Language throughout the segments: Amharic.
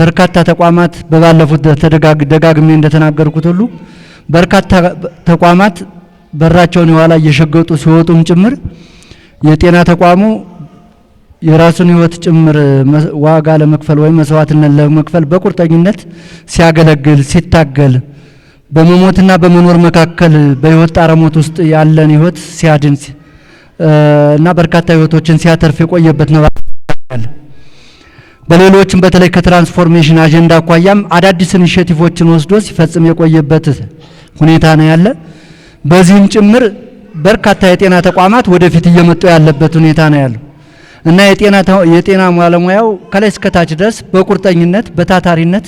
በርካታ ተቋማት በባለፉት ደጋግሜ እንደተናገርኩት ሁሉ በርካታ ተቋማት በራቸውን የኋላ እየሸገጡ ሲወጡም ጭምር የጤና ተቋሙ የራሱን ሕይወት ጭምር ዋጋ ለመክፈል ወይም መስዋዕትነት ለመክፈል በቁርጠኝነት ሲያገለግል ሲታገል በመሞትና በመኖር መካከል በሕይወት ጣረሞት ውስጥ ያለን ሕይወት ሲያድን እና በርካታ ሕይወቶችን ሲያተርፍ የቆየበት ነው። በሌሎችም በተለይ ከትራንስፎርሜሽን አጀንዳ አኳያም አዳዲስ ኢኒሼቲቮችን ወስዶ ሲፈጽም የቆየበት ሁኔታ ነው ያለ። በዚህም ጭምር በርካታ የጤና ተቋማት ወደፊት እየመጡ ያለበት ሁኔታ ነው ያለው እና የጤና ባለሙያው ከላይ እስከታች ድረስ በቁርጠኝነት በታታሪነት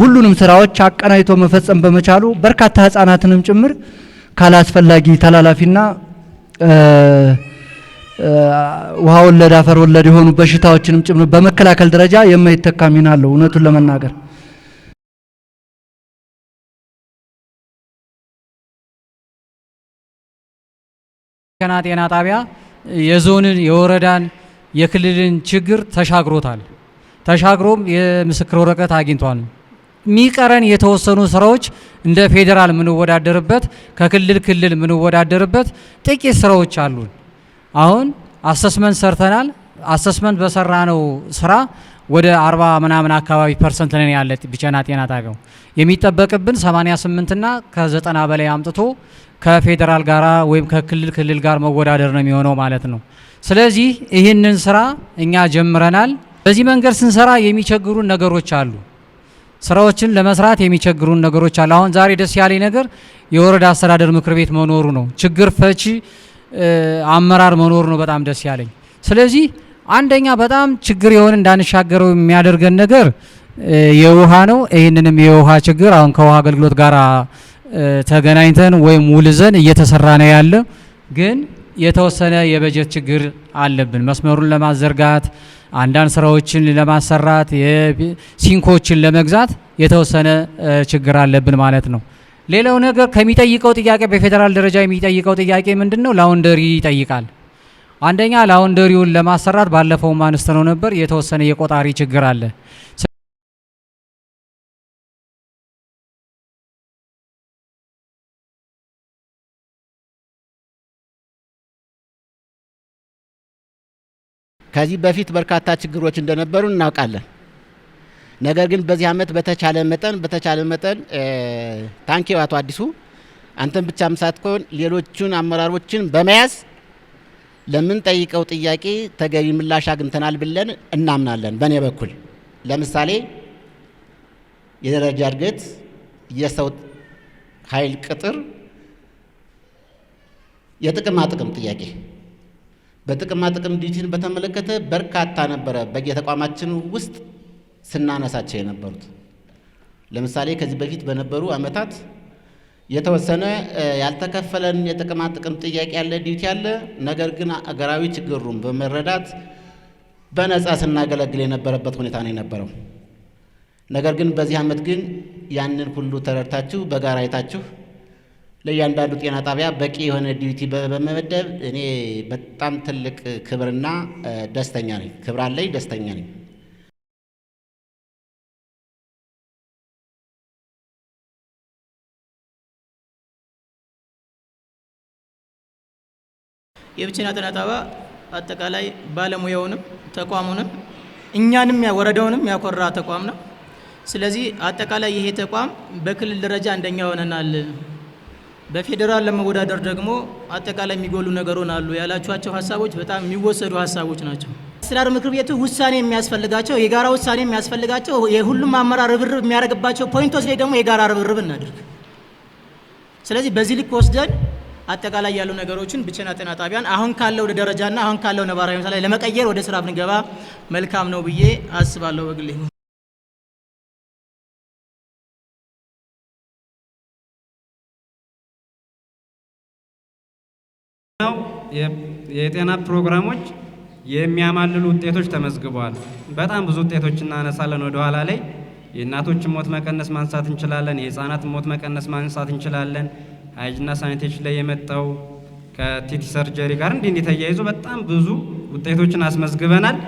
ሁሉንም ስራዎች አቀናጅቶ መፈጸም በመቻሉ በርካታ ህጻናትንም ጭምር ካላስፈላጊ ተላላፊና ውሃ ወለድ አፈር ወለድ የሆኑ በሽታዎችንም ጭምር በመከላከል ደረጃ የማይተካ ሚና አለው እውነቱን ለመናገር ከና ጤና ጣቢያ የዞንን የወረዳን የክልልን ችግር ተሻግሮታል። ተሻግሮም የምስክር ወረቀት አግኝቷል። የሚቀረን የተወሰኑ ስራዎች እንደ ፌዴራል የምንወዳደርበት ከክልል ክልል የምንወዳደርበት ጥቂት ስራዎች አሉን። አሁን አሰስመንት ሰርተናል። አሰስመንት በሰራነው ስራ ወደ አርባ ምናምን አካባቢ ፐርሰንት ነን ያለ ብቻና ጤና ጣቢያው የሚጠበቅብን 88ና ከ በላይ አምጥቶ ከፌዴራል ጋራ ወይም ከክልል ክልል ጋር መወዳደር ነው የሚሆነው ማለት ነው። ስለዚህ ይህንን ስራ እኛ ጀምረናል። በዚህ መንገድ ስንሰራ የሚቸግሩን ነገሮች አሉ። ስራዎችን ለመስራት የሚቸግሩን ነገሮች አሉ። አሁን ዛሬ ደስ ያለኝ ነገር የወረዳ አስተዳደር ምክር ቤት መኖሩ ነው። ችግር ፈቺ አመራር መኖር ነው በጣም ደስ ያለኝ። ስለዚህ አንደኛ በጣም ችግር የሆነ እንዳንሻገረው የሚያደርገን ነገር የውሃ ነው። ይህንንም የውሃ ችግር አሁን ከውሃ አገልግሎት ጋር ተገናኝተን ወይም ውልዘን እየተሰራ ነው ያለ ግን የተወሰነ የበጀት ችግር አለብን። መስመሩን ለማዘርጋት አንዳንድ ስራዎችን ለማሰራት ሲንኮችን ለመግዛት የተወሰነ ችግር አለብን ማለት ነው። ሌላው ነገር ከሚጠይቀው ጥያቄ በፌዴራል ደረጃ የሚጠይቀው ጥያቄ ምንድን ነው? ላውንደሪ ይጠይቃል። አንደኛ ላውንደሪውን ለማሰራት ባለፈው ማንስተ ነው ነበር የተወሰነ የቆጣሪ ችግር አለ። ከዚህ በፊት በርካታ ችግሮች እንደነበሩ እናውቃለን። ነገር ግን በዚህ አመት በተቻለ መጠን በተቻለ መጠን ታንኪው አቶ አዲሱ አንተን ብቻ ምሳትኮን ሌሎቹን አመራሮችን በመያዝ ለምንጠይቀው ጥያቄ ተገቢ ምላሽ አግኝተናል ብለን እናምናለን። በእኔ በኩል ለምሳሌ የደረጃ እድገት፣ የሰው ኃይል ቅጥር፣ የጥቅማ ጥቅም ጥያቄ በጥቅማ ጥቅም ዲዩቲን በተመለከተ በርካታ ነበረ በየተቋማችን ውስጥ ስናነሳቸው የነበሩት። ለምሳሌ ከዚህ በፊት በነበሩ አመታት የተወሰነ ያልተከፈለን የጥቅማ ጥቅም ጥያቄ ያለ ዲዩቲ ያለ፣ ነገር ግን አገራዊ ችግሩን በመረዳት በነጻ ስናገለግል የነበረበት ሁኔታ ነው የነበረው። ነገር ግን በዚህ አመት ግን ያንን ሁሉ ተረድታችሁ በጋራ አይታችሁ ለእያንዳንዱ ጤና ጣቢያ በቂ የሆነ ዲዩቲ በመመደብ እኔ በጣም ትልቅ ክብርና ደስተኛ ነኝ። ክብር አለኝ፣ ደስተኛ ነኝ። የብቸና ጤና አባ አጠቃላይ ባለሙያውንም ተቋሙንም እኛንም ወረዳውንም ያኮራ ተቋም ነው። ስለዚህ አጠቃላይ ይሄ ተቋም በክልል ደረጃ አንደኛ ሆነናል። በፌዴራል ለመወዳደር ደግሞ አጠቃላይ የሚጎሉ ነገሮች አሉ ያላችኋቸው ሀሳቦች በጣም የሚወሰዱ ሀሳቦች ናቸው። አስተዳደር ምክር ቤቱ ውሳኔ የሚያስፈልጋቸው የጋራ ውሳኔ የሚያስፈልጋቸው የሁሉም አመራር ርብርብ የሚያደርግባቸው ፖይንቶች ላይ ደግሞ የጋራ ርብርብ እናድርግ። ስለዚህ በዚህ ልክ ወስደን አጠቃላይ ያሉ ነገሮችን ብቸና ጤና ጣቢያን አሁን ካለው ደረጃና አሁን ካለው ነባራዊ ሁኔታ ለመቀየር ወደ ስራ ብንገባ መልካም ነው ብዬ አስባለሁ በግሌ። የጤና ፕሮግራሞች የሚያማልሉ ውጤቶች ተመዝግበዋል። በጣም ብዙ ውጤቶች እናነሳለን ወደኋላ ላይ የእናቶችን ሞት መቀነስ ማንሳት እንችላለን። የህፃናት ሞት መቀነስ ማንሳት እንችላለን። አጅና ሳኒቴሽን ላይ የመጣው ከቲቲ ሰርጀሪ ጋር እንዲህ ተያይዞ በጣም ብዙ ውጤቶችን አስመዝግበናል።